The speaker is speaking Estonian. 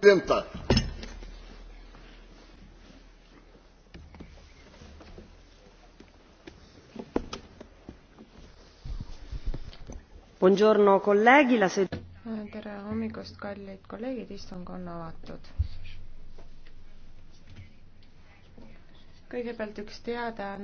presidenta. tere hommikust, kallid kolleegid, istung on avatud. kõigepealt üks teadaanne.